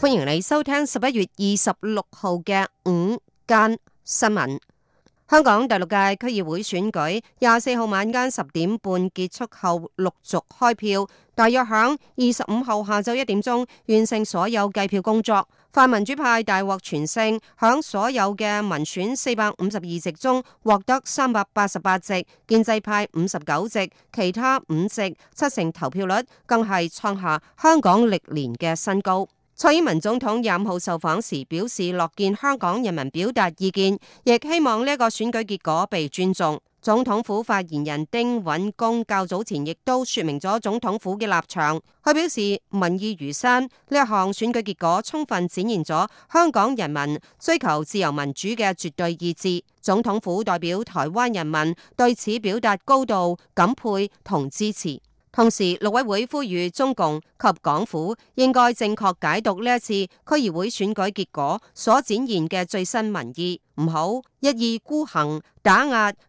歡迎你收聽十一月二十六號嘅午間新聞。香港第六屆區議會選舉廿四號晚間十點半結束後陸續開票，大約響二十五號下晝一點鐘完成所有計票工作。泛民主派大獲全勝，響所有嘅民選四百五十二席中獲得三百八十八席，建制派五十九席，其他五席，七成投票率更係創下香港歷年嘅新高。蔡英文總統廿五號受訪時表示，樂見香港人民表達意見，亦希望呢一個選舉結果被尊重。總統府發言人丁允恭較早前亦都説明咗總統府嘅立場，佢表示民意如山，呢一項選舉結果充分展現咗香港人民追求自由民主嘅絕對意志。總統府代表台灣人民對此表達高度感佩同支持。同時，陸委會呼籲中共及港府應該正確解讀呢一次區議會選舉結果所展現嘅最新民意，唔好一意孤行打壓及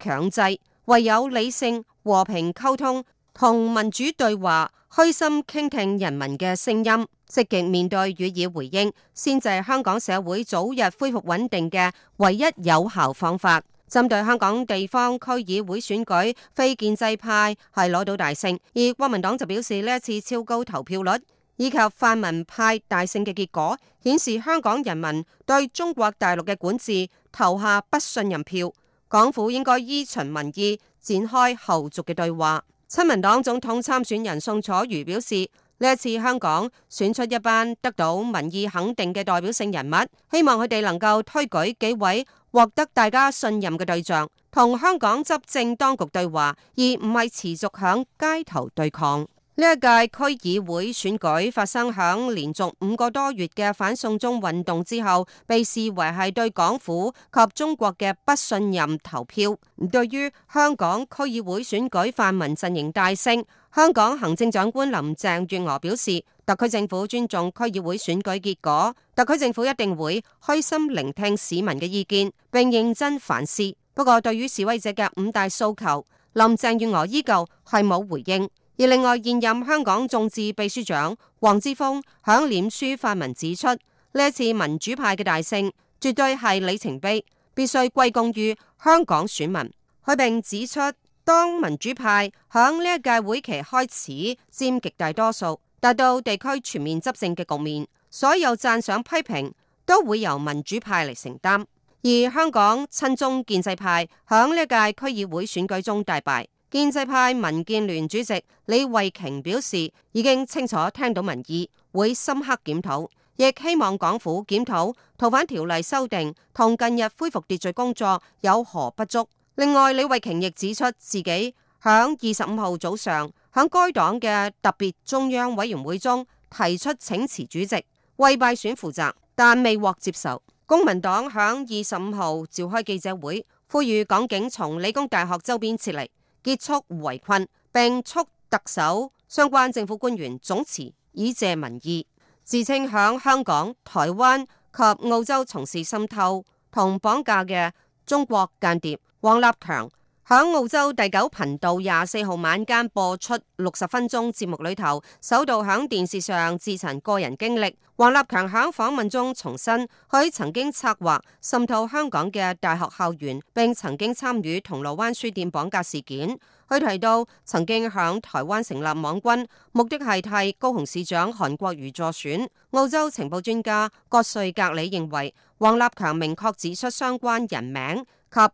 強制，唯有理性和平溝通同民主對話，虛心傾聽人民嘅聲音，積極面對予以回應，先至係香港社會早日恢復穩定嘅唯一有效方法。針對香港地方區議會選舉，非建制派係攞到大勝，而國民黨就表示，呢一次超高投票率以及泛民派大勝嘅結果，顯示香港人民對中國大陸嘅管治投下不信任票，港府應該依循民意展開後續嘅對話。親民黨總統參選人宋楚瑜表示，呢一次香港選出一班得到民意肯定嘅代表性人物，希望佢哋能夠推舉幾位。獲得大家信任嘅對象，同香港執政當局對話，而唔係持續響街頭對抗。呢一屆區議會選舉發生響連續五個多月嘅反送中運動之後，被視為係對港府及中國嘅不信任投票。對於香港區議會選舉泛民陣營大勝，香港行政長官林鄭月娥表示，特區政府尊重區議會選舉結果，特區政府一定會開心聆聽市民嘅意見，並認真反思。不過，對於示威者嘅五大訴求，林鄭月娥依舊係冇回應。而另外，現任香港眾志秘書長黃之鋒響臉書發文指出，呢一次民主派嘅大勝絕對係里程碑，必須歸功於香港選民。佢並指出，當民主派響呢一屆會期開始佔極大多數。達到地區全面執政嘅局面，所有讚賞批評都會由民主派嚟承擔。而香港親中建制派響呢一屆區議會選舉中大敗，建制派民建聯主席李慧瓊表示，已經清楚聽到民意，會深刻檢討，亦希望港府檢討逃犯條例修訂同近日恢復秩序工作有何不足。另外，李慧瓊亦指出自己響二十五號早上，喺該黨嘅特別中央委員會中提出請辭主席，為敗選負責，但未獲接受。公民黨響二十五號召開記者會，呼籲港警從理工大學周邊撤離，結束圍困，並促特首、相關政府官員總辭，以謝民意。自稱響香港、台灣及澳洲從事滲透同綁架嘅中國間諜王立強。喺澳洲第九頻道廿四號晚間播出六十分鐘節目裏頭，首度喺電視上自陳個人經歷。王立強喺訪問中重申，佢曾經策劃滲透香港嘅大學校園，並曾經參與銅鑼灣書店綁架事件。佢提到曾經喺台灣成立網軍，目的係替高雄市長韓國瑜助選。澳洲情報專家郭瑞格里認為，王立強明確指出相關人名。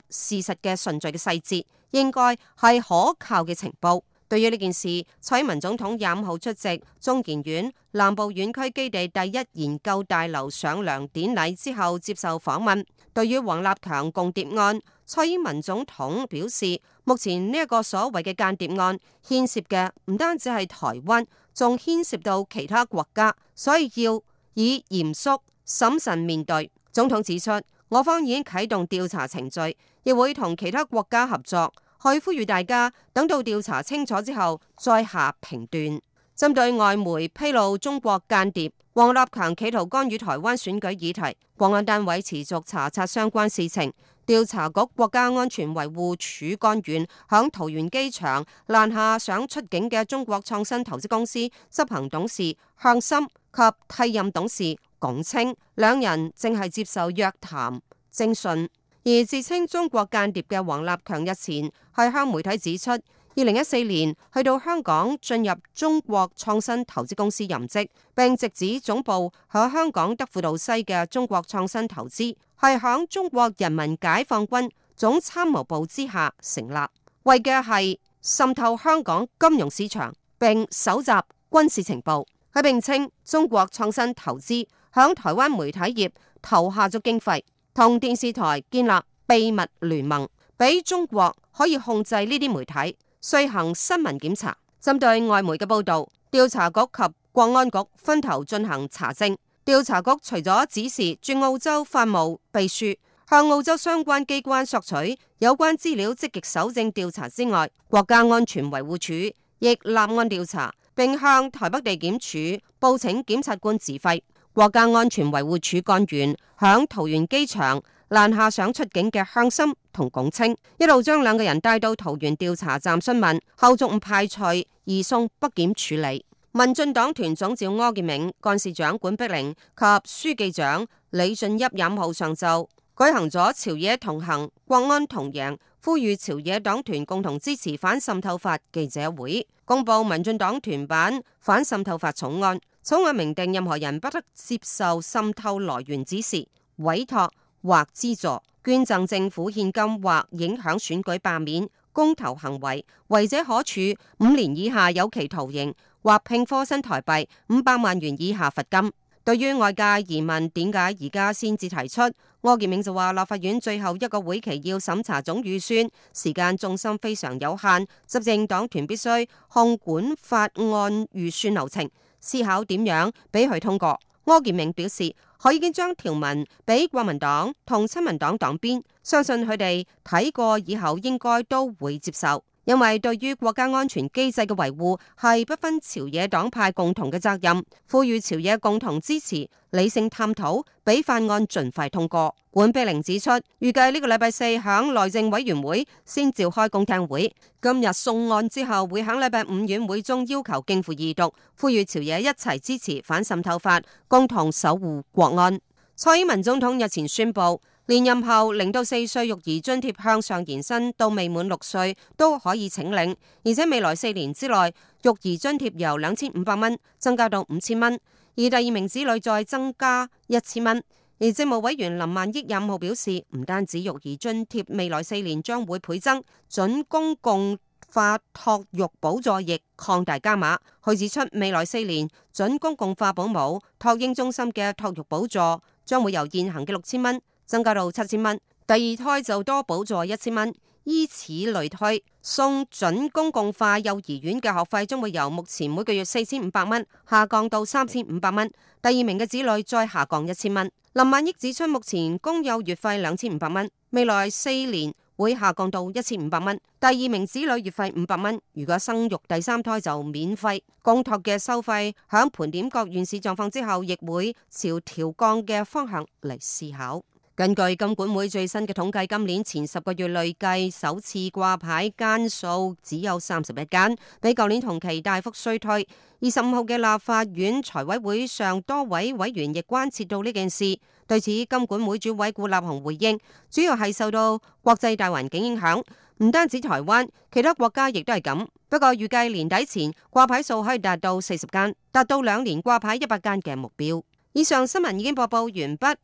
及事實嘅順序嘅細節，應該係可靠嘅情報。對於呢件事，蔡英文總統廿五號出席中研院南部院區基地第一研究大樓上梁典禮之後，接受訪問。對於王立強共諜案，蔡英文總統表示，目前呢一個所謂嘅間諜案牽涉嘅唔單止係台灣，仲牽涉到其他國家，所以要以嚴肅審慎面對。總統指出。我方已經啟動調查程序，亦會同其他國家合作，去呼籲大家等到調查清楚之後再下評斷。針對外媒披露中國間諜王立強企圖干預台灣選舉議題，國安單位持續查察相關事情。調查局國家安全維護處幹員響桃園機場攔下想出境嘅中國創新投資公司執行董事向心及替任董事。講稱兩人正係接受約談偵訊，而自稱中國間諜嘅王立強日前係向媒體指出，二零一四年去到香港進入中國創新投資公司任職，並直指總部喺香港德輔道西嘅中國創新投資係響中國人民解放軍總參謀部之下成立，為嘅係滲透香港金融市場並搜集軍事情報。佢並稱中國創新投資喺台灣媒體業投下咗經費，同電視台建立秘密聯盟，俾中國可以控制呢啲媒體，遂行新聞檢查。針對外媒嘅報導，調查局及國安局分頭進行查證。調查局除咗指示駐澳洲法務秘書向澳洲相關機關索取有關資料，積極搜證調查之外，國家安全維護處亦立案調查，並向台北地檢署報請檢察官指揮。國家安全維護處幹員響桃園機場攔下想出境嘅向心同龔青，一路將兩個人帶到桃園調查站詢問，後續唔排除移送北檢處理。民進黨團總召柯建銘、幹事長管碧玲及書記長李俊一飲號午，午後上晝舉行咗朝野同行、國安同贏，呼籲朝野黨團共同支持反滲透法記者會，公布民進黨團版反滲透法草案。草案明定任何人不得接受滲透來源指示、委託或資助捐贈政府獻金或影響選舉罷免公投行為，違者可處五年以下有期徒刑或聘科新台幣五百萬元以下罰金。對於外界疑問，點解而家先至提出？柯建銘就話，立法院最後一個會期要審查總預算時間，重心非常有限，執政黨團必須控管法案預算流程。思考點樣俾佢通過？柯建銘表示，佢已經將條文畀國民黨同親民黨黨鞭，相信佢哋睇過以後應該都會接受。因為對於國家安全機制嘅維護係不分朝野黨派共同嘅責任，呼籲朝野共同支持理性探討，俾法案盡快通過。管碧玲指出，預計呢個禮拜四響內政委員會先召開公聽會，今日送案之後會響禮拜五院會中要求逕付二讀，呼籲朝野一齊支持反滲透法，共同守護國安。蔡英文總統日前宣布。連任後，零到四歲育兒津貼向上延伸到未滿六歲都可以請領，而且未來四年之內育兒津貼由兩千五百蚊增加到五千蚊，而第二名子女再增加一千蚊。而政務委員林萬億任後表示，唔單止育兒津貼未來四年將會倍增，準公共化托育補助亦擴大加碼。佢指出，未來四年準公共化保母托嬰中心嘅托育補助將會由現行嘅六千蚊。增加到七千蚊，第二胎就多補助一千蚊，依此類推，送準公共化幼兒園嘅學費將會由目前每個月四千五百蚊下降到三千五百蚊，第二名嘅子女再下降一千蚊。林萬益指出，目前公幼月費兩千五百蚊，未來四年會下降到一千五百蚊。第二名子女月費五百蚊。如果生育第三胎就免費。公托嘅收費響盤點各縣市狀況之後，亦會朝調降嘅方向嚟思考。根據金管會最新嘅統計，今年前十個月累計首次掛牌間數只有三十一間，比舊年同期大幅衰退。二十五號嘅立法院財委會上，多位委員亦關切到呢件事。對此，金管會主委顧立雄回應，主要係受到國際大環境影響，唔單止台灣，其他國家亦都係咁。不過預計年底前掛牌數可以達到四十間，達到兩年掛牌一百間嘅目標。以上新聞已經播報完畢。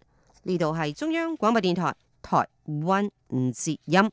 呢度係中央廣播電台台灣之音。